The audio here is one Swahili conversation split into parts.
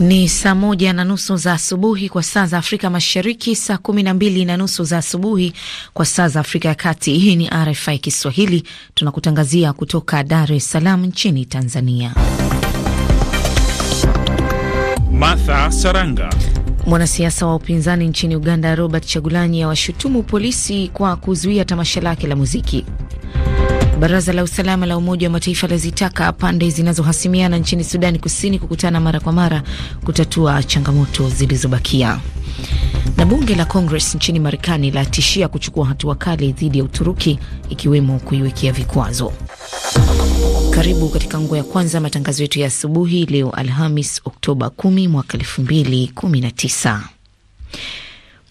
Ni saa moja na nusu za asubuhi kwa saa za Afrika Mashariki, saa kumi na mbili na nusu za asubuhi kwa saa za Afrika ya Kati. Hii ni RFI Kiswahili, tunakutangazia kutoka Dar es Salaam nchini Tanzania. Martha Saranga Mwanasiasa wa upinzani nchini Uganda Robert Chagulanyi awashutumu polisi kwa kuzuia tamasha lake la muziki. Baraza la usalama la Umoja wa Mataifa lazitaka pande zinazohasimiana nchini Sudani Kusini kukutana mara kwa mara kutatua changamoto zilizobakia. Na bunge la Congress nchini Marekani latishia kuchukua hatua kali dhidi ya Uturuki, ikiwemo kuiwekea vikwazo. Karibu katika nguo ya kwanza, matangazo yetu ya asubuhi leo Alhamis Oktoba 10 mwaka 2019.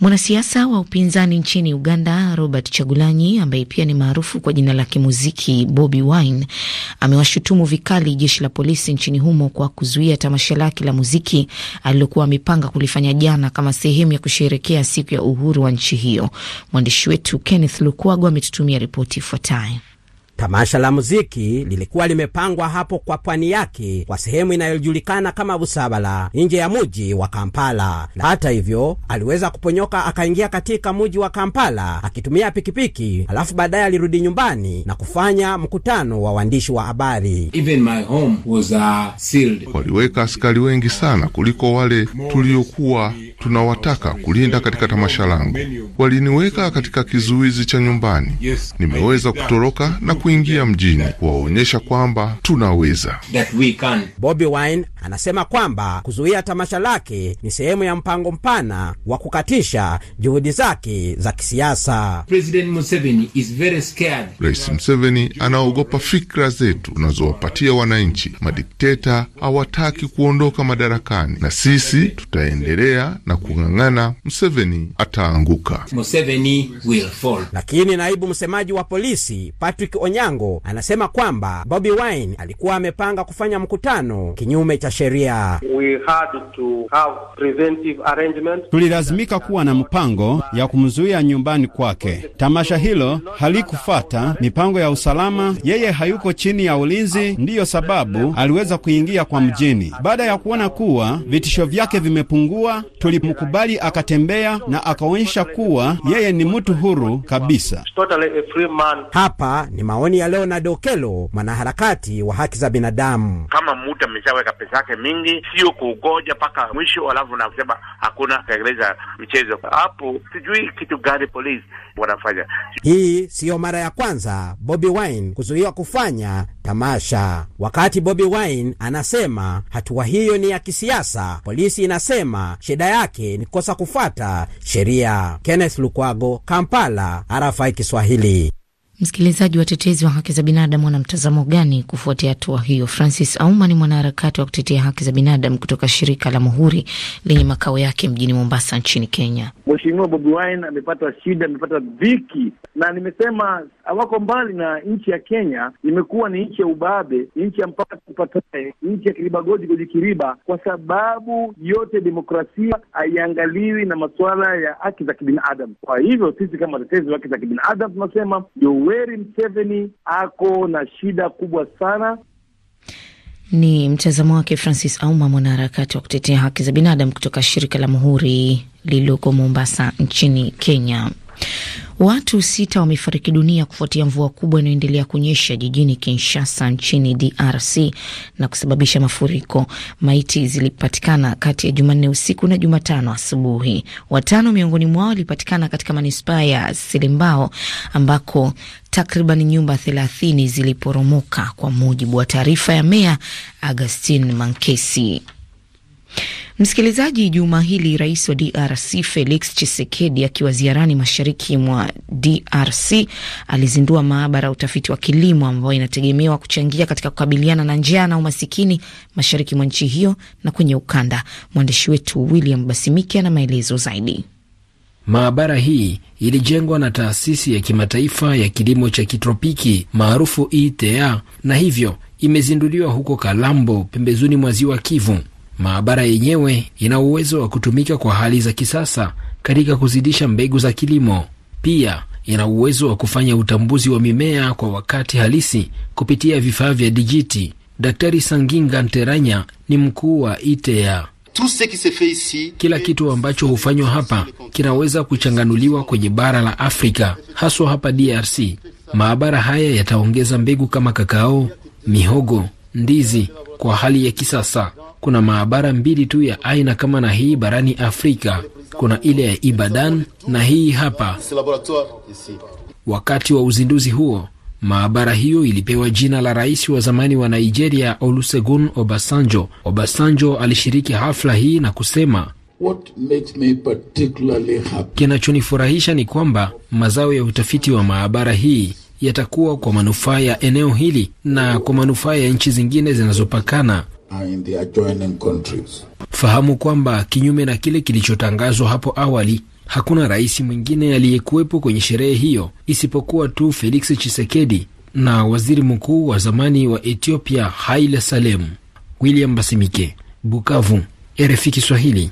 Mwanasiasa wa upinzani nchini Uganda, Robert Chagulanyi, ambaye pia ni maarufu kwa jina la kimuziki Bobi Wine, amewashutumu vikali jeshi la polisi nchini humo kwa kuzuia tamasha lake la muziki alilokuwa amepanga kulifanya jana kama sehemu ya kusherekea siku ya uhuru wa nchi hiyo. Mwandishi wetu Kenneth Lukwago ametutumia ripoti ifuatayo. Tamasha la muziki lilikuwa limepangwa hapo kwa pwani yake kwa sehemu inayojulikana kama Busabala nje ya muji wa Kampala. Hata hivyo, aliweza kuponyoka akaingia katika muji wa Kampala akitumia pikipiki, alafu baadaye alirudi nyumbani na kufanya mkutano wa waandishi wa habari. Uh, Waliweka askari wengi sana kuliko wale tuliokuwa tunawataka kulinda katika tamasha langu. Waliniweka katika kizuizi cha nyumbani, nimeweza kutoroka na ku kuingia mjini kuwaonyesha kwamba tunaweza. Bobi Wine anasema kwamba kuzuia tamasha lake ni sehemu ya mpango mpana wa kukatisha juhudi zake za kisiasa. Rais Museveni anaogopa fikra zetu tunazowapatia wananchi. Madikteta hawataki kuondoka madarakani, na sisi tutaendelea na kung'ang'ana. Museveni ataanguka. Lakini naibu msemaji wa polisi Patrick Onye Onyango anasema kwamba Bobi Wine alikuwa amepanga kufanya mkutano kinyume cha sheria. Tulilazimika kuwa na mpango ya kumzuia nyumbani kwake. Tamasha hilo halikufata mipango ya usalama. Yeye hayuko chini ya ulinzi, ndiyo sababu aliweza kuingia kwa mjini. Baada ya kuona kuwa vitisho vyake vimepungua, tulimkubali akatembea na akaonyesha kuwa yeye ni mtu huru kabisa. Hapa ni maoni Maoni ya Leonard Okelo, mwanaharakati wa haki za binadamu. Kama mtu ameshaweka pesa yake mingi, sio kuugoja mpaka mwisho, alafu nasema hakuna kutekeleza mchezo hapo, sijui kitu gani polisi wanafanya. Hii siyo mara ya kwanza Bobi Wine kuzuiwa kufanya tamasha. Wakati Bobi Wine anasema hatua hiyo ni ya kisiasa, polisi inasema shida yake ni kukosa kufuata sheria. Kenneth Lukwago, Kampala, RFI Kiswahili. Msikilizaji, watetezi wa haki za binadamu wana mtazamo gani kufuatia hatua hiyo? Francis Auma ni mwanaharakati wa kutetea haki za binadamu kutoka shirika la Muhuri lenye makao yake mjini Mombasa nchini Kenya. Mheshimiwa Bobi Wine amepata shida, amepata dhiki, na nimesema hawako mbali na nchi ya Kenya. Imekuwa ni nchi ya ubabe, nchi ya mpaka upatae nchi ya kiriba goji goji kiriba, kwa sababu yote demokrasia haiangaliwi na masuala ya haki za kibinadamu. Kwa hivyo sisi kama watetezi wa haki za kibinadamu tunasema Yoweri Museveni ako na shida kubwa sana. Ni mtazamo wake Francis Auma, mwanaharakati wa kutetea haki za binadamu kutoka shirika la Muhuri lililoko Mombasa nchini Kenya. Watu sita wamefariki dunia kufuatia mvua kubwa inayoendelea kunyesha jijini Kinshasa nchini DRC na kusababisha mafuriko. Maiti zilipatikana kati ya Jumanne usiku na Jumatano asubuhi. Watano miongoni mwao walipatikana katika manispaa ya Selembao ambako takriban nyumba thelathini ziliporomoka, kwa mujibu wa taarifa ya meya Agustin Mankesi. Msikilizaji, juma hili rais wa DRC Felix Tshisekedi akiwa ziarani mashariki mwa DRC alizindua maabara ya utafiti wa kilimo ambayo inategemewa kuchangia katika kukabiliana na njaa na umasikini mashariki mwa nchi hiyo na kwenye ukanda. Mwandishi wetu William Basimike ana maelezo zaidi. Maabara hii ilijengwa na taasisi ya kimataifa ya kilimo cha kitropiki maarufu ITA e na hivyo imezinduliwa huko Kalambo, pembezoni mwa ziwa Kivu. Maabara yenyewe ina uwezo wa kutumika kwa hali za kisasa katika kuzidisha mbegu za kilimo. Pia ina uwezo wa kufanya utambuzi wa mimea kwa wakati halisi kupitia vifaa vya dijiti. Daktari Sanginga Nteranya ni mkuu wa e ITEA. Kila kitu ambacho hufanywa hapa kinaweza kuchanganuliwa kwenye bara la Afrika, haswa hapa DRC. Maabara haya yataongeza mbegu kama kakao, mihogo, ndizi kwa hali ya kisasa kuna maabara mbili tu ya aina kama na hii barani Afrika. Kuna ile ya Ibadan na hii hapa. Wakati wa uzinduzi huo, maabara hiyo ilipewa jina la rais wa zamani wa Nigeria Olusegun Obasanjo. Obasanjo alishiriki hafla hii na kusema kinachonifurahisha ni kwamba mazao ya utafiti wa maabara hii yatakuwa kwa manufaa ya eneo hili na kwa manufaa ya nchi zingine zinazopakana in the adjoining countries. Fahamu kwamba kinyume na kile kilichotangazwa hapo awali hakuna rais mwingine aliyekuwepo kwenye sherehe hiyo isipokuwa tu Felix chisekedi na waziri mkuu wa zamani wa Ethiopia Haile Salem. William Basimike, Bukavu, RFI Kiswahili.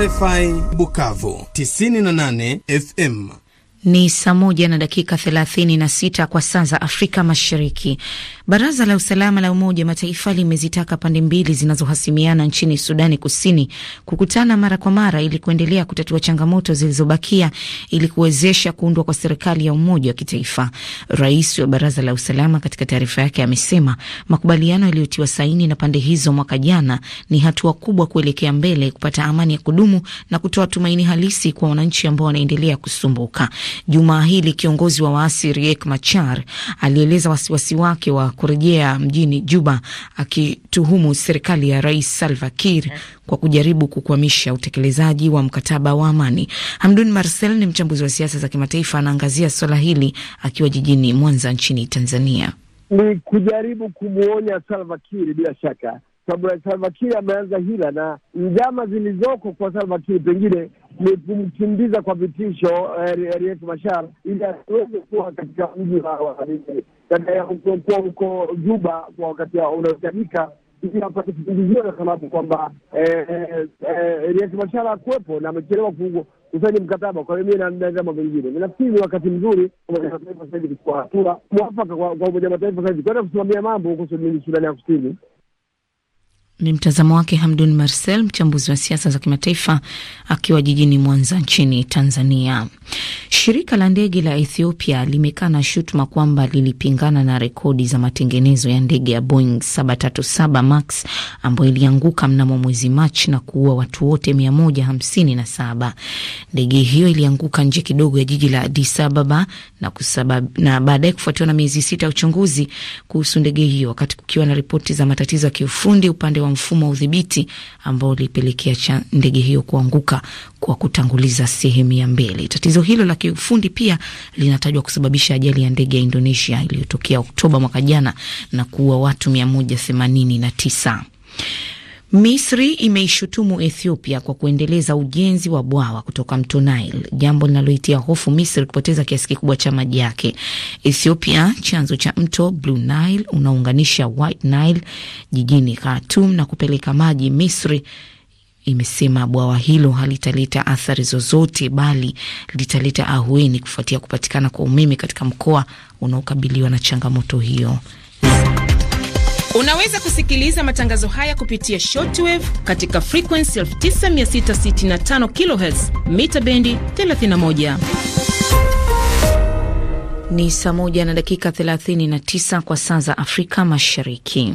RFI Bukavu 98 FM. Ni saa moja na dakika thelathini na sita kwa saa za Afrika Mashariki. Baraza la Usalama la Umoja wa Mataifa limezitaka pande mbili zinazohasimiana nchini Sudani Kusini kukutana mara kwa mara ili kuendelea kutatua changamoto zilizobakia ili kuwezesha kuundwa kwa serikali ya umoja wa kitaifa. Rais wa Baraza la Usalama katika taarifa yake amesema makubaliano yaliyotiwa saini na pande hizo mwaka jana ni hatua kubwa kuelekea mbele kupata amani ya kudumu na kutoa tumaini halisi kwa wananchi ambao wanaendelea kusumbuka. Jumaa hili kiongozi wa waasi Riek Machar alieleza wasiwasi wake wa kurejea mjini Juba, akituhumu serikali ya Rais Salva Kiir kwa kujaribu kukwamisha utekelezaji wa mkataba wa amani. Hamdun Marcel ni mchambuzi wa siasa za kimataifa, anaangazia swala hili akiwa jijini Mwanza nchini Tanzania. Ni kujaribu kumwonya Salva Kiir bila shaka sababu Salva Kiir ameanza hila na njama zilizoko kwa Salva Kiir pengine ni kumkimbiza kwa vitisho Riek eh, Machar ili asiweze kuwa katika mji kuwa huko Juba kwa wakati unaohitajika ili apate kisingizio na sababu kwamba Riek eh, eh, Machar akuwepo na amechelewa kusaini mkataba. Kwa hiyo mi na vingine, nafikiri ni wakati mzuri Umoja Mataifa sahizi kuchukua hatua mwafaka kwa Umoja Mataifa sahizi kwenda kusimamia mambo huko Sudani ya Kusini. Ni mtazamo wake Hamdun Marcel, mchambuzi wa siasa za kimataifa akiwa jijini Mwanza nchini Tanzania. Shirika la ndege la Ethiopia limekaa na shutuma kwamba lilipingana na rekodi za matengenezo ya ndege ya Boeing 737 Max ambayo ilianguka mnamo mwezi Machi na kuua watu wote 157. Ndege hiyo ilianguka nje kidogo ya jiji la Addis Ababa na, na baadaye kufuatiwa na miezi sita ya uchunguzi kuhusu ndege hiyo, wakati kukiwa na ripoti za matatizo ya kiufundi upande wa mfumo wa udhibiti ambao ulipelekea ndege hiyo kuanguka kwa kutanguliza sehemu ya mbele. Tatizo hilo la kiufundi pia linatajwa kusababisha ajali ya ndege ya Indonesia iliyotokea Oktoba mwaka jana na kuua watu 189. Misri imeishutumu Ethiopia kwa kuendeleza ujenzi wa bwawa kutoka mto Nile, jambo linaloitia hofu Misri kupoteza kiasi kikubwa cha maji yake. Ethiopia, chanzo cha mto Blue Nile unaunganisha White Nile jijini Khartoum na kupeleka maji Misri, imesema bwawa hilo halitaleta athari zozote, bali litaleta ahueni kufuatia kupatikana kwa umeme katika mkoa unaokabiliwa na changamoto hiyo. Unaweza kusikiliza matangazo haya kupitia shortwave katika frequency 9665 kHz mita bendi 31. Ni saa moja na dakika 39 kwa saa za Afrika Mashariki.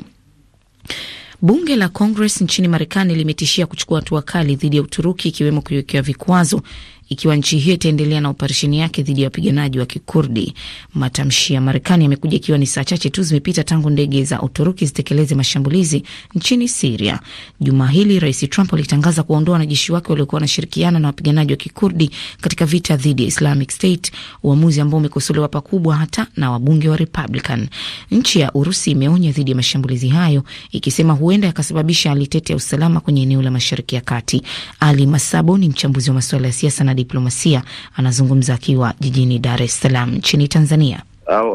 Bunge la Congress nchini Marekani limetishia kuchukua hatua kali dhidi ya Uturuki, ikiwemo kuiwekea vikwazo ikiwa nchi hiyo itaendelea na operesheni yake dhidi ya wapiganaji wa Kikurdi. Matamshi ya Marekani yamekuja ikiwa ni saa chache tu zimepita tangu ndege za Uturuki zitekeleze mashambulizi nchini Siria. Juma hili Rais Trump alitangaza kuondoa wanajeshi wake waliokuwa wanashirikiana na wapiganaji wa Kikurdi katika vita dhidi ya Islamic State, uamuzi ambao umekosolewa pakubwa hata na wabunge wa Republican. Nchi ya Urusi imeonya dhidi ya mashambulizi hayo, ikisema huenda yakasababisha hali tete ya usalama kwenye eneo la Mashariki ya Kati. Ali Masabo ni mchambuzi wa masuala ya siasa na diplomasia, anazungumza akiwa jijini Dar es Salaam nchini Tanzania.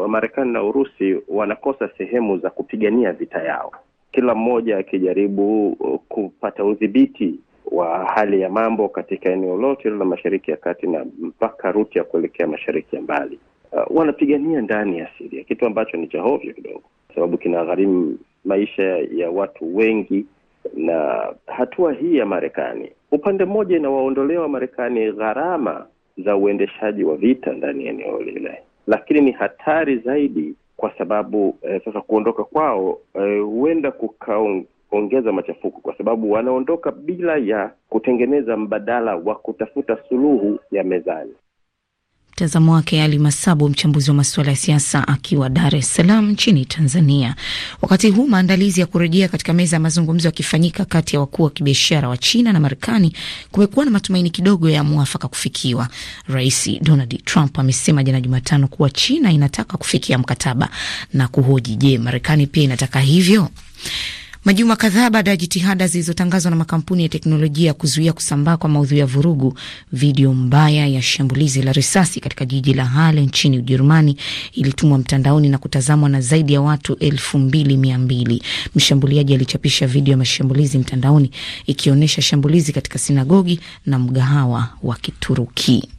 Marekani na Urusi wanakosa sehemu za kupigania vita yao, kila mmoja akijaribu uh, kupata udhibiti wa hali ya mambo katika eneo lote la Mashariki ya Kati na mpaka ruti ya kuelekea mashariki ya mbali. Uh, wanapigania ndani ya Siria, kitu ambacho ni cha hovyo kidogo, sababu kinagharimu maisha ya watu wengi, na hatua hii ya Marekani Upande mmoja inawaondolea Wamarekani gharama za uendeshaji wa vita ndani ya eneo lile, lakini ni hatari zaidi kwa sababu eh, sasa kuondoka kwao eh, huenda eh, kukaongeza machafuko, kwa sababu wanaondoka bila ya kutengeneza mbadala wa kutafuta suluhu ya mezani. Mtazamo wake Ali Masabu, mchambuzi wa masuala ya siasa, akiwa Dar es Salaam nchini Tanzania. Wakati huu maandalizi ya kurejea katika meza ya mazungumzo yakifanyika kati ya wakuu wa kibiashara wa China na Marekani, kumekuwa na matumaini kidogo ya mwafaka kufikiwa. Rais Donald Trump amesema jana Jumatano kuwa China inataka kufikia mkataba na kuhoji, je, Marekani pia inataka hivyo? Majuma kadhaa baada ya jitihada zilizotangazwa na makampuni ya teknolojia kuzuia kusambaa kwa maudhui ya vurugu, video mbaya ya shambulizi la risasi katika jiji la Halle nchini Ujerumani ilitumwa mtandaoni na kutazamwa na zaidi ya watu elfu mbili mia mbili. Mshambuliaji alichapisha video ya mashambulizi mtandaoni ikionyesha shambulizi katika sinagogi na mgahawa wa Kituruki.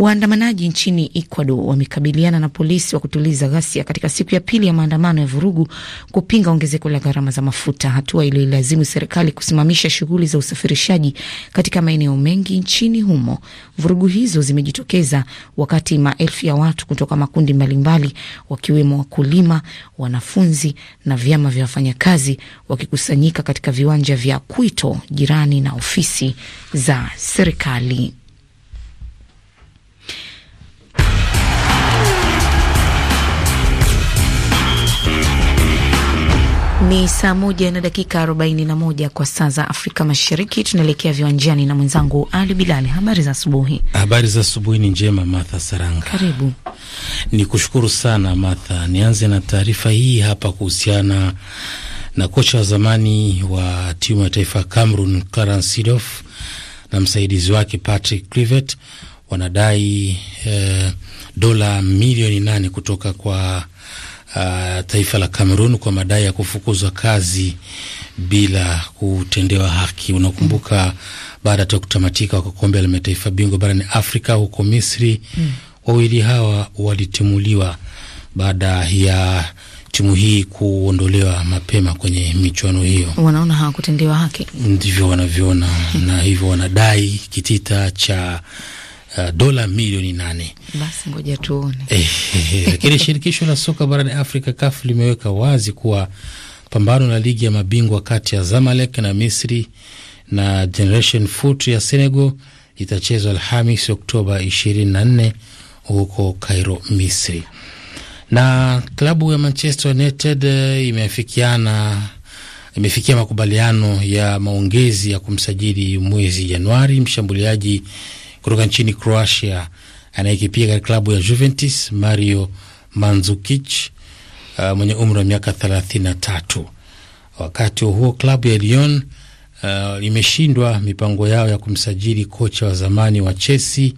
Waandamanaji nchini Ecuador wamekabiliana na polisi wa kutuliza ghasia katika siku ya pili ya maandamano ya vurugu kupinga ongezeko la gharama za mafuta, hatua iliyoilazimu serikali kusimamisha shughuli za usafirishaji katika maeneo mengi nchini humo. Vurugu hizo zimejitokeza wakati maelfu ya watu kutoka makundi mbalimbali, wakiwemo wakulima, wanafunzi na vyama vya wafanyakazi wakikusanyika katika viwanja vya Quito jirani na ofisi za serikali. Ni saa moja na dakika moja kwa saa za Afrika Mashariki. Tunaelekea viwanjani na mwenzangu Ali Bilali. Habari za asubuhi. Habari za asubuhi ni njema, Martha Saranga. Karibu. Ni kushukuru sana Martha. Nianze na taarifa hii hapa kuhusiana na kocha wa zamani wa timu ya taifa ya Cameroon Clarence Seedorf na msaidizi wake Patrick Kluivert wanadai eh, dola milioni nane kutoka kwa uh, taifa la Kamerun kwa madai ya kufukuzwa kazi bila kutendewa haki. Unakumbuka mm. baada ya kutamatika kwa kombe la mataifa bingwa barani Afrika huko Misri mm. wawili hawa walitimuliwa baada ya timu hii kuondolewa mapema kwenye michuano hiyo. Wanaona hawakutendewa haki, ndivyo wanavyoona na hivyo wanadai kitita cha uh, dola milioni nane. Basi ngoja tuone. Eh, eh, lakini shirikisho la soka barani Afrika CAF limeweka wazi kuwa pambano la ligi ya mabingwa kati ya Zamalek na Misri na Generation Foot ya Senegal itachezwa Alhamis Oktoba 24 huko Cairo, Misri. Na klabu ya Manchester United eh, imefikiana imefikia makubaliano ya maongezi ya kumsajili mwezi Januari mshambuliaji kutoka nchini Croatia anayekipia katika klabu ya Juventus, Mario Mandzukic uh, mwenye umri wa miaka 33. Wakati huo klabu ya Lyon uh, imeshindwa mipango yao ya kumsajili kocha wa zamani wa Chelsea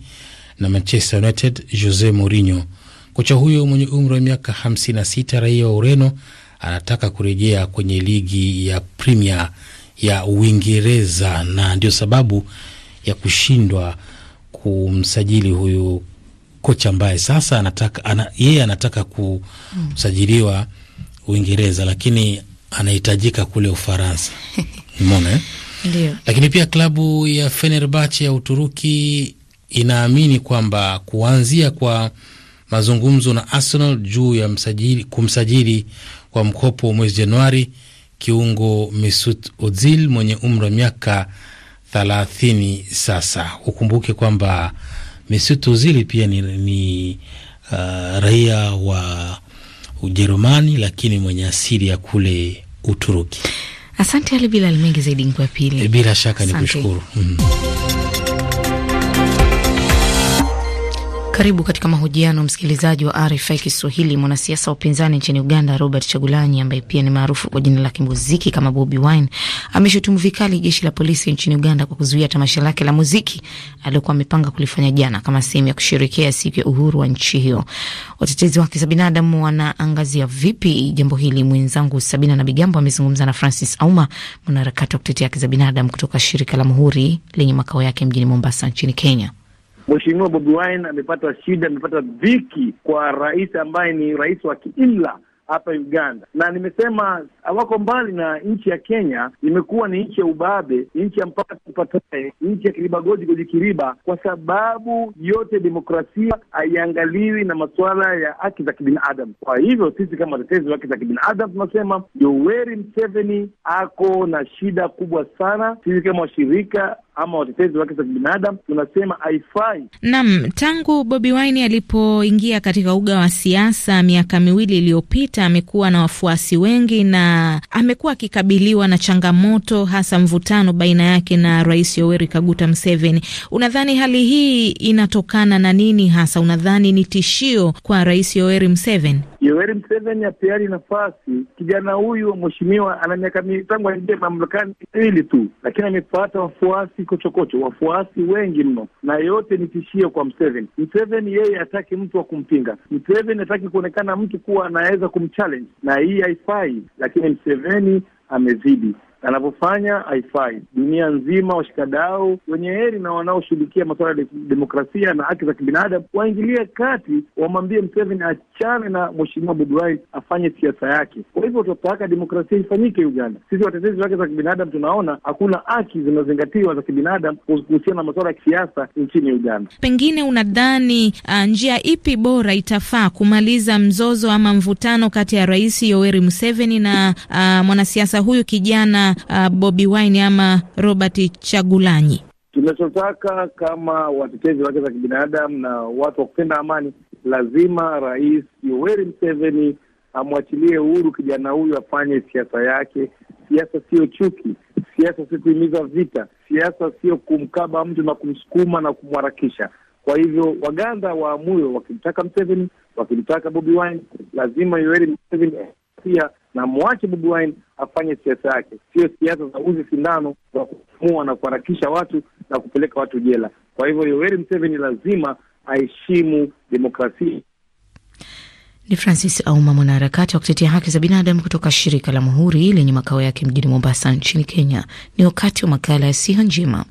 na Manchester United Jose Mourinho. Kocha huyo mwenye umri wa miaka 56, raia wa Ureno, anataka kurejea kwenye ligi ya Premier ya Uingereza, na ndio sababu ya kushindwa kumsajili huyu kocha ambaye sasa anataka ana, yeye anataka kusajiliwa Uingereza, lakini anahitajika kule Ufaransa mona eh? Lakini pia klabu ya Fenerbahce ya Uturuki inaamini kwamba kuanzia kwa mazungumzo na Arsenal juu ya msajili, kumsajili kwa mkopo mwezi Januari kiungo Mesut Ozil mwenye umri wa miaka thelathini sasa. Ukumbuke kwamba Mesut Ozil pia ni, ni uh, raia wa Ujerumani lakini mwenye asili ya kule Uturuki. Asante Ali Bilal, mengi zaidi kwa pili. Eh, bila shaka ni kushukuru mm. Karibu katika mahojiano msikilizaji wa RFI Kiswahili. Mwanasiasa wa upinzani nchini Uganda, Robert Chagulanyi, ambaye pia ni maarufu kwa jina la kimuziki kama Bobi Wine, ameshutumu vikali jeshi la polisi nchini Uganda kwa kuzuia tamasha lake la muziki aliyokuwa amepanga kulifanya jana kama sehemu ya kusherekea siku ya uhuru wa nchi hiyo. Watetezi wa haki za binadamu wanaangazia vipi jambo hili? Mwenzangu Sabina na Bigambo amezungumza na Francis Auma, mwanaharakati wa kutetea haki za binadamu kutoka shirika la Muhuri lenye makao yake mjini Mombasa nchini Kenya. Mheshimiwa Bobi Wine amepata shida, amepata dhiki kwa rais ambaye ni rais wa kiimla hapa Uganda, na nimesema wako mbali na nchi ya Kenya. Imekuwa ni nchi ya ubabe, nchi ya mpaka tupatae, nchi ya kiriba goji goji kiriba, kwa sababu yote demokrasia haiangaliwi na masuala ya haki za kibinadamu. Kwa hivyo sisi kama watetezi wa haki za kibinadamu tunasema Yoweri Museveni ako na shida kubwa sana. Sisi kama washirika ama watetezi wake za kibinadamu tunasema haifai. Naam, tangu Bobi Wine alipoingia katika uga wa siasa miaka miwili iliyopita, amekuwa na wafuasi wengi na amekuwa akikabiliwa na changamoto, hasa mvutano baina yake na Rais Yoweri Kaguta Museveni. Unadhani hali hii inatokana na nini hasa? Unadhani ni tishio kwa Rais Yoweri Museveni? Yoweri Museveni atayari nafasi kijana huyu. Mheshimiwa ana miaka tangu aingie mamlakani miwili tu, lakini amepata wafuasi kikochokocho, wafuasi wengi mno, na yote ni tishio kwa Mseveni. Mseveni yeye hataki mtu wa kumpinga. Mseveni hataki kuonekana mtu kuwa anaweza kumchallenge, na hii haifai, lakini Mseveni amezidi anavyofanya haifai. Dunia nzima, washikadau wenye heri na wanaoshughulikia masuala ya demokrasia na haki za kibinadamu waingilie kati, wamwambie mseveni achane na mheshimiwa Bobi Wine, afanye siasa yake. Kwa hivyo tunataka demokrasia ifanyike Uganda. Sisi watetezi wa haki za kibinadamu tunaona hakuna haki zinazozingatiwa za kibinadamu kuhusiana na masuala ya kisiasa nchini Uganda. Pengine unadhani uh, njia ipi bora itafaa kumaliza mzozo ama mvutano kati ya Rais Yoweri Museveni na uh, mwanasiasa huyu kijana uh, Bobi Wine ama Robert Chagulanyi? Tunachotaka kama watetezi wake za kibinadamu na watu wa kupenda amani, lazima Rais Yoweri Museveni amwachilie uhuru kijana huyu afanye siasa yake. Siasa siyo chuki, siasa si kuhimiza vita, siasa sio kumkaba mtu na kumsukuma na kumharakisha. Kwa hivyo Waganda waamuyo, wakimtaka Museveni, wakimtaka Bobi Wine, lazima Yoweri Museveni pia na mwache Bobi Wine afanye siasa yake, sio siasa za uzi sindano za kuumua na kuharakisha watu na kupeleka watu jela. Kwa hivyo Yoweri Museveni lazima aheshimu demokrasia. Ni Francis Auma, mwanaharakati wa kutetea haki za binadamu kutoka shirika la Muhuri lenye makao yake mjini Mombasa nchini Kenya. Ni wakati wa makala ya Siha Njema.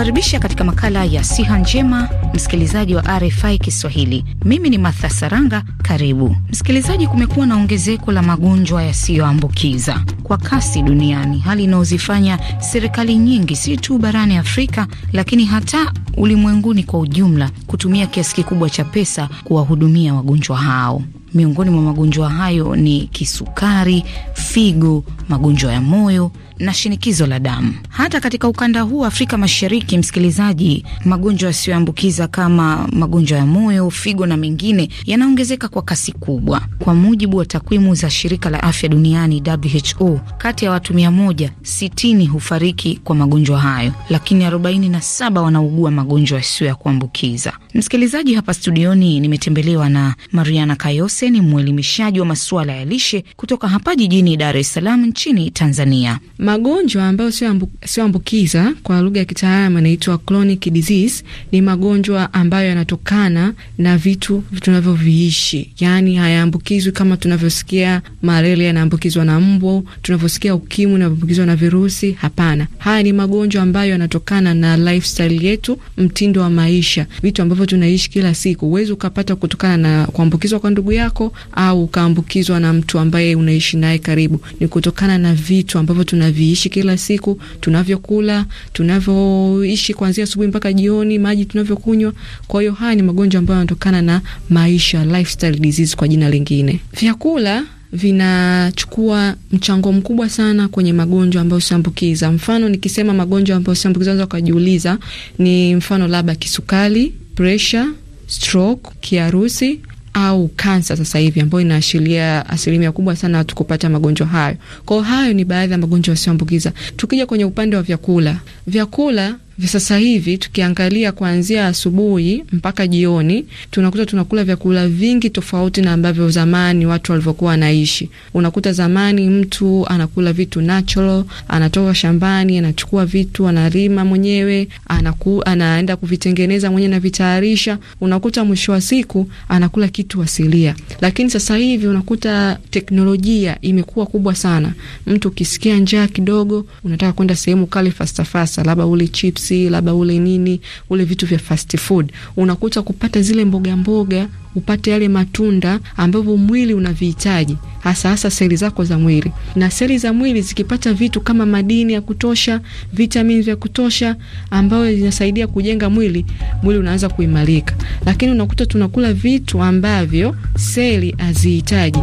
kukaribisha katika makala ya siha njema, msikilizaji wa RFI Kiswahili. Mimi ni Martha Saranga. Karibu msikilizaji. Kumekuwa na ongezeko la magonjwa yasiyoambukiza kwa kasi duniani, hali inayozifanya serikali nyingi, si tu barani Afrika, lakini hata ulimwenguni kwa ujumla, kutumia kiasi kikubwa cha pesa kuwahudumia wagonjwa hao. Miongoni mwa magonjwa hayo ni kisukari, figo, magonjwa ya moyo na shinikizo la damu. Hata katika ukanda huu Afrika Mashariki, msikilizaji, magonjwa yasiyoambukiza kama magonjwa ya moyo, figo na mengine yanaongezeka kwa kasi kubwa. Kwa mujibu wa takwimu za shirika la afya duniani WHO, kati ya watu mia moja sitini hufariki kwa magonjwa hayo, lakini 47 wanaugua magonjwa yasiyo ya kuambukiza. Msikilizaji, hapa studioni nimetembelewa na Mariana Kayose, ni mwelimishaji wa masuala ya lishe kutoka hapa jijini Dar es Salaam nchini Tanzania. Magonjwa ambayo sio ambukiza kwa lugha ya kitaalamu anaitwa chronic disease, ni magonjwa ambayo yanatokana na vitu tunavyoviishi, yaani hayaambukizwi kama tunavyosikia malaria yanaambukizwa na mbu, tunavyosikia ukimwi unaambukizwa na virusi. Hapana, haya ni magonjwa ambayo yanatokana na lifestyle yetu, mtindo wa maisha, vitu ambavyo tunaishi kila siku. Huwezi ukapata kutokana na kuambukizwa kwa ndugu yako au ukaambukizwa na mtu ambaye unaishi naye karibu, ni kutokana na vitu ambavyo tuna tunavyoviishi kila siku, tunavyokula, tunavyoishi kuanzia asubuhi mpaka jioni, maji tunavyokunywa. Kwa hiyo haya ni magonjwa ambayo yanatokana na maisha, lifestyle disease kwa jina lingine. Vyakula vinachukua mchango mkubwa sana kwenye magonjwa ambayo siambukiza. Mfano nikisema magonjwa ambayo siambukiza, unaweza ukajiuliza ni mfano labda kisukari, presha, stroke, kiharusi au kansa sasa hivi ambayo inaashiria asilimia kubwa sana watu kupata magonjwa hayo. Kwa hiyo hayo ni baadhi ya magonjwa yasiyoambukiza. Tukija kwenye upande wa vyakula, vyakula hivi sasa hivi tukiangalia kuanzia asubuhi mpaka jioni, tunakuta tunakula vyakula vingi tofauti na ambavyo zamani watu walivyokuwa wanaishi. Unakuta zamani mtu anakula vitu natural, anatoka shambani, anachukua vitu, analima mwenyewe, anaku, anaenda kuvitengeneza mwenyewe na vitayarisha. Unakuta mwisho wa siku anakula kitu asilia, lakini sasa hivi unakuta teknolojia imekuwa kubwa sana. Mtu ukisikia njaa kidogo, unataka kwenda sehemu kale fastafasta, labda uli chips chipsi, labda ule nini, ule vitu vya fast food, unakuta kupata zile mboga mboga, upate yale matunda ambavyo mwili unavihitaji, hasa hasa seli zako za mwili. Na seli za mwili zikipata vitu kama madini ya kutosha, vitamini vya kutosha, ambayo zinasaidia kujenga mwili, mwili unaanza kuimarika. Lakini unakuta tunakula vitu ambavyo seli hazihitaji.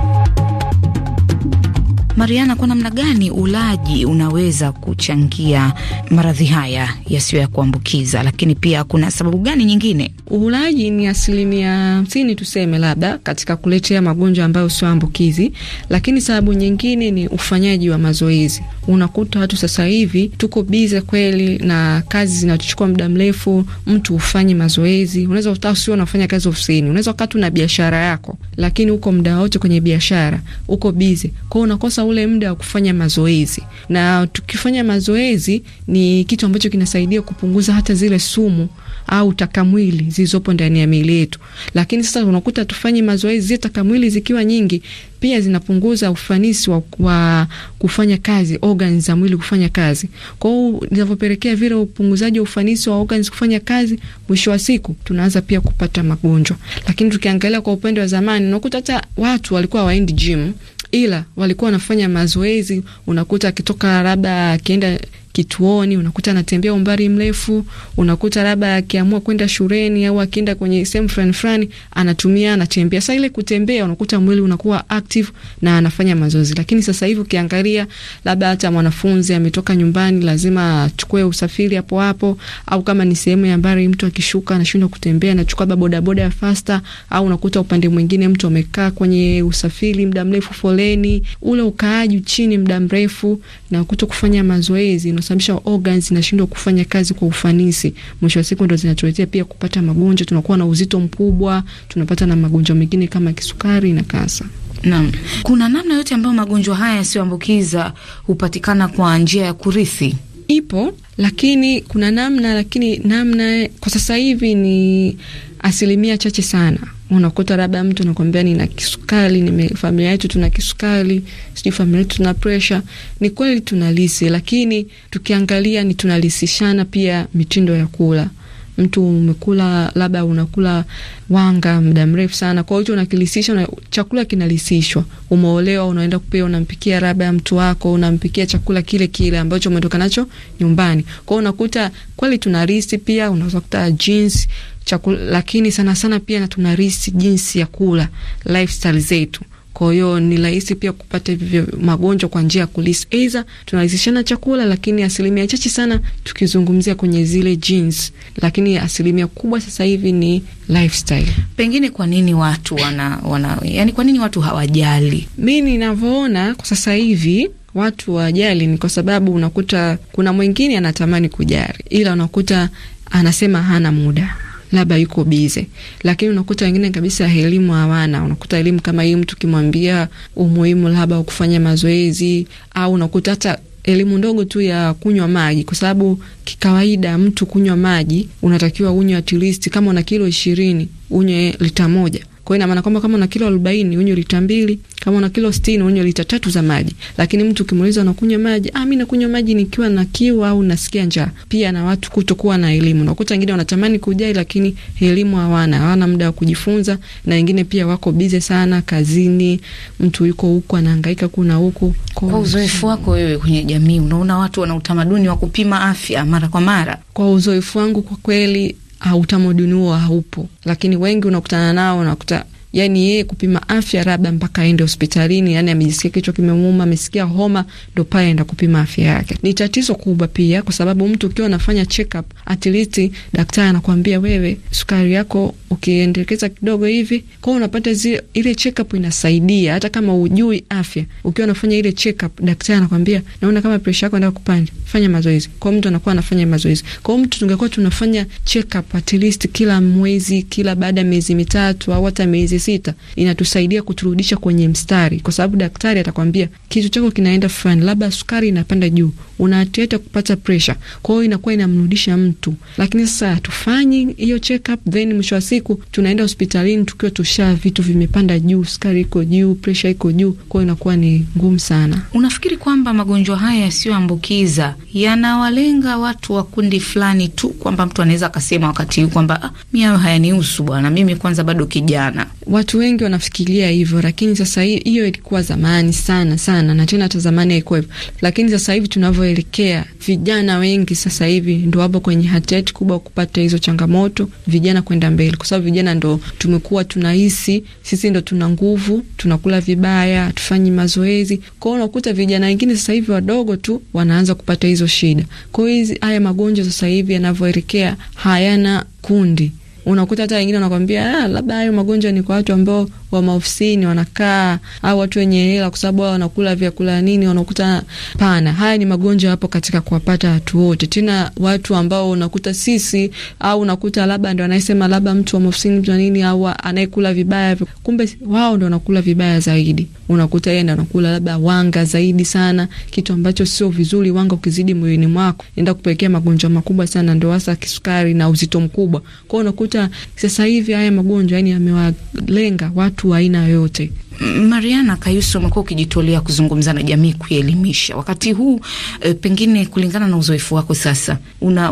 Mariana, kwa namna gani ulaji unaweza kuchangia maradhi haya yasiyo ya kuambukiza, lakini pia kuna sababu gani nyingine? Ulaji ni asilimia hamsini tuseme, labda katika kuletea magonjwa ambayo sio ambukizi, lakini sababu nyingine ni ufanyaji wa mazoezi. Unakuta watu sasa hivi tuko bize kweli na kazi zinachukua muda mrefu, mtu ufanye mazoezi. Unaweza utaa sio unafanya kazi ofisini, unaweza ukaa tu na biashara yako, lakini uko muda wote kwenye biashara, uko bize kwao, unakosa ule muda wa kufanya mazoezi, na tukifanya mazoezi ni kitu ambacho kinasaidia kupunguza hata zile sumu au takamwili zilizopo ndani ya miili yetu. Lakini sasa unakuta tufanye mazoezi, zile takamwili zikiwa nyingi, pia zinapunguza ufanisi wa, wa kufanya kazi, organs za mwili kufanya kazi. Kwa hiyo inavyopelekea vile upunguzaji wa ufanisi wa organs kufanya kazi, mwisho wa siku tunaanza pia kupata magonjwa. Lakini tukiangalia kwa upande wa zamani, unakuta hata watu walikuwa waendi gym ila walikuwa wanafanya mazoezi, unakuta akitoka labda akienda kituoni, unakuta anatembea umbali mrefu, unakuta labda akiamua kwenda shuleni au akienda kwenye sehemu fulani fulani, anatumia anatembea. Sasa ile kutembea, unakuta mwili unakuwa active na anafanya mazoezi. Lakini sasa hivi ukiangalia, labda hata mwanafunzi ametoka nyumbani, lazima achukue usafiri hapo hapo, au kama ni sehemu ya mbali, mtu akishuka anashindwa kutembea, anachukua bodaboda ya fasta, au unakuta upande mwingine mtu amekaa kwenye usafiri muda mrefu, foleni, ule ukaaji chini muda mrefu na kuto kufanya mazoezi kusababisha organs zinashindwa kufanya kazi kwa ufanisi. Mwisho wa siku ndio zinatuletea pia kupata magonjwa, tunakuwa na uzito mkubwa, tunapata na magonjwa mengine kama kisukari na kansa. Naam. Kuna namna yote ambayo magonjwa haya yasiyoambukiza hupatikana kwa njia ya kurithi? ipo, lakini kuna namna, lakini namna kwa sasa hivi ni asilimia chache sana. Unakuta labda mtu anakwambia nina kisukari, nime familia yetu tuna kisukari, sijui familia yetu tuna presha. Ni kweli tunalisi, lakini tukiangalia ni tunalisishana pia mitindo ya kula mtu umekula labda unakula wanga muda mrefu sana, kwa hiyo unakilisisha una, chakula kinalisishwa. Umeolewa, unaenda kupea, unampikia labda mtu wako, unampikia chakula kile kile ambacho umetoka nacho nyumbani. Kwa hiyo unakuta kweli tuna risi pia, unaweza kuta jinsi chakula, lakini sana sana pia natuna risi jinsi ya kula lifestyle zetu kwa hiyo ni rahisi pia kupata hivyo magonjwa kwa njia ya kulisi, aidha tunarahisishana chakula, lakini asilimia chache sana tukizungumzia kwenye zile genes, lakini asilimia kubwa sasa hivi ni lifestyle. Pengine kwa nini watu wana, wana yani kwa nini watu hawajali? Mi ninavyoona kwa sasa hivi watu wajali ni kwa sababu unakuta kuna mwingine anatamani kujali, ila unakuta anasema hana muda labda yuko bize, lakini unakuta wengine kabisa elimu hawana. Unakuta elimu kama hii, mtu kimwambia umuhimu labda kufanya mazoezi, au unakuta hata elimu ndogo tu ya kunywa maji, kwa sababu kikawaida mtu kunywa maji unatakiwa unywe at least, kama una kilo ishirini unywe lita moja kwa hiyo ina maana kwamba kama una kilo 40 unywe lita mbili, kama una kilo 60 unywe lita tatu za maji. Lakini mtu ukimuuliza unakunywa maji, ah, mimi nakunywa maji nikiwa na kiu au nasikia njaa. Pia na watu kutokuwa na elimu. Unakuta wengine wanatamani kujai lakini elimu hawana, hawana muda wa kujifunza na wengine pia wako bize sana kazini, mtu yuko huko anahangaika kuna huko. Kwa uzoefu wako wewe kwenye jamii unaona watu wana utamaduni wa kupima afya mara kwa mara? Kwa uzoefu wangu kwa kweli Ah, utamaduni huo haupo, lakini wengi unakutana nao unakuta yani yeye kupima afya labda mpaka aende hospitalini, yani amejisikia kichwa kimemuuma, amesikia homa, ndo pale aenda kupima afya yake. Ni tatizo kubwa pia, kwa sababu mtu ukiwa anafanya check up at least daktari anakuambia wewe, sukari yako ukiendekeza kidogo hivi, kwa unapata zile ile check up inasaidia, hata kama hujui afya, ukiwa unafanya ile check up, daktari anakwambia naona kama pressure yako inataka kupanda, fanya mazoezi. Kwa mtu anakuwa anafanya mazoezi. Kwa mtu tungekuwa tunafanya check up at least kila mwezi, kila baada ya miezi mitatu au hata miezi sita inatusaidia kuturudisha kwenye mstari, kwa sababu daktari atakwambia kitu chako kinaenda fulani, labda sukari inapanda juu, unatieta kupata presha. kwa hiyo inakuwa inamrudisha mtu. Lakini sasa hatufanyi hiyo check up, then mwisho wa siku tunaenda hospitalini tukiwa tusha vitu vimepanda juu, sukari iko juu, presha iko juu, kwa hiyo inakuwa ni ngumu sana. Unafikiri kwamba magonjwa haya yasiyoambukiza yanawalenga watu wa kundi fulani tu, kwamba mtu anaweza akasema wakati huu kwamba ah, mi hayo hayanihusu bwana, mimi kwanza bado kijana watu wengi wanafikiria hivyo, lakini sasa hiyo ilikuwa zamani sana sana, na tena hata zamani haikuwa hivyo, lakini sasa hivi tunavyoelekea, vijana wengi sasa hivi ndo wapo kwenye hatihati kubwa kupata hizo changamoto, vijana kwenda mbele, kwa sababu vijana ndo tumekuwa tunahisi sisi ndo tuna nguvu, tunakula vibaya, hatufanyi mazoezi. Kwao unakuta vijana wengine sasa hivi wadogo tu wanaanza kupata hizo shida. Kwa hiyo haya magonjwa sasa hivi yanavyoelekea hayana kundi unakuta hata wengine wanakwambia ah, labda hayo magonjwa ni kwa watu ambao wa maofisini wanakaa, au watu wenye hela, kwa sababu wao wanakula vyakula nini, wanakuta pana. Haya ni magonjwa hapo katika kuwapata watu wote, tena watu ambao unakuta sisi au unakuta labda ndio anayesema labda mtu wa maofisini mtu nini, au anayekula vibaya, kumbe wao ndio wanakula vibaya zaidi. Unakuta yeye ndio anakula labda wanga zaidi sana, kitu ambacho sio vizuri. Wanga ukizidi mwilini mwako enda kupelekea magonjwa makubwa sana, ndio hasa kisukari na uzito mkubwa. Kwa hiyo unakuta sasa hivi haya magonjwa yani yamewalenga watu mtu wa aina yoyote. Mariana Kayuso, umekuwa ukijitolea kuzungumza na jamii, kuelimisha wakati huu e, pengine kulingana na uzoefu wako sasa, una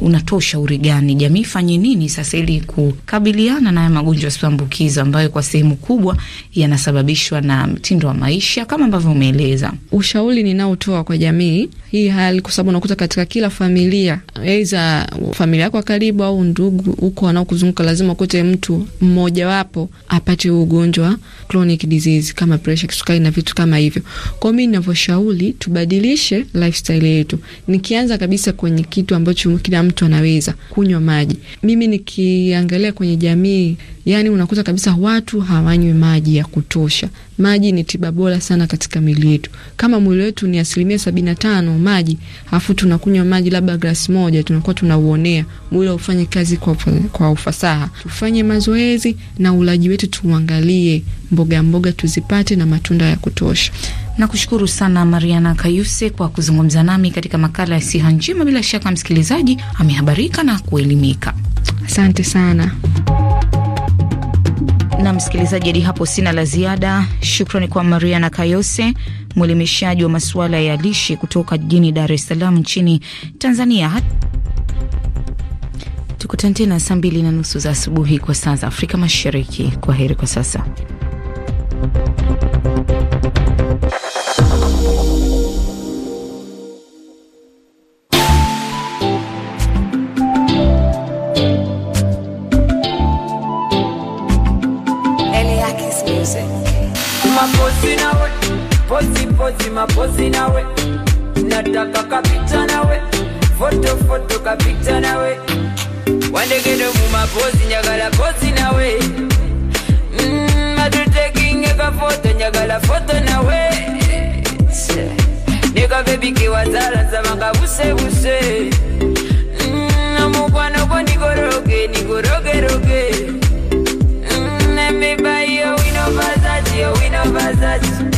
unatoa ushauri gani jamii fanye nini sasa ili kukabiliana na haya magonjwa yasiyoambukiza ambayo kwa sehemu kubwa yanasababishwa na mtindo wa maisha kama ambavyo umeeleza? Ushauri ninaotoa kwa jamii hii hali, kwa sababu unakuta katika kila familia, aidha familia yako karibu au ndugu huko wanaokuzunguka, lazima ukute mtu mmojawapo apate ugonjwa chronic chronic disease kama presha, kisukari na vitu kama hivyo. Kwa mi ninavyoshauri tubadilishe lifestyle yetu. Nikianza kabisa kwenye kitu ambacho kila mtu anaweza kunywa maji. Mimi nikiangalia kwenye jamii, yani unakuta kabisa watu hawanywi maji ya kutosha maji ni tiba bora sana katika mili yetu. Kama mwili wetu ni asilimia sabini na tano maji, alafu tunakunywa maji labda glasi moja, tunakuwa tunauonea mwili ufanye kazi kwa, kwa ufasaha. Tufanye mazoezi na ulaji wetu tuangalie, mboga mboga tuzipate na matunda ya kutosha. Nakushukuru sana Mariana Kayuse kwa kuzungumza nami katika makala ya siha njema. Bila shaka msikilizaji amehabarika na kuelimika. Asante sana na msikilizaji, hadi hapo sina la ziada. Shukrani kwa Mariana Kayose, mwelimishaji wa masuala ya lishe kutoka jijini Dar es Salaam nchini Tanzania. Tukutane tena saa mbili na nusu za asubuhi kwa saa za Afrika Mashariki. Kwa heri kwa sasa. mapozi nawe, nataka kapita nawe, foto foto kapita nawe, wandegede mu mapozi njagala pozi nawe, mm, atutekinge foto nawe nekabebi kiwazala nsabanga busebuse omukwano mm, gwo nigoroge nigorogeroge mm, emibayo winovazaci owinovazaci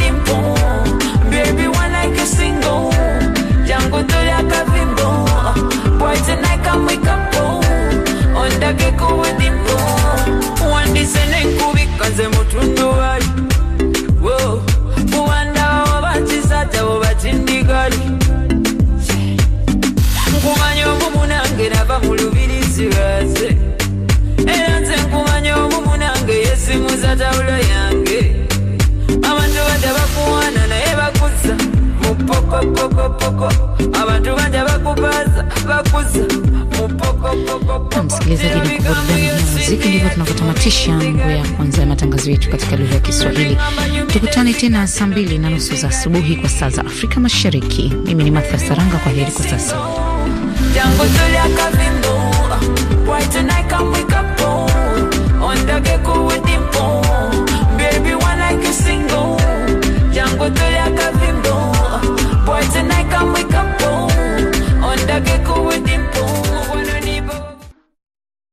nkuwe di tunatamatisha nguo ya kwanza ya matangazo yetu katika lugha ya Kiswahili. Tukutane tena saa mbili na nusu za asubuhi kwa saa za Afrika Mashariki. Mimi ni matha Saranga, kwa heri kwa sasa.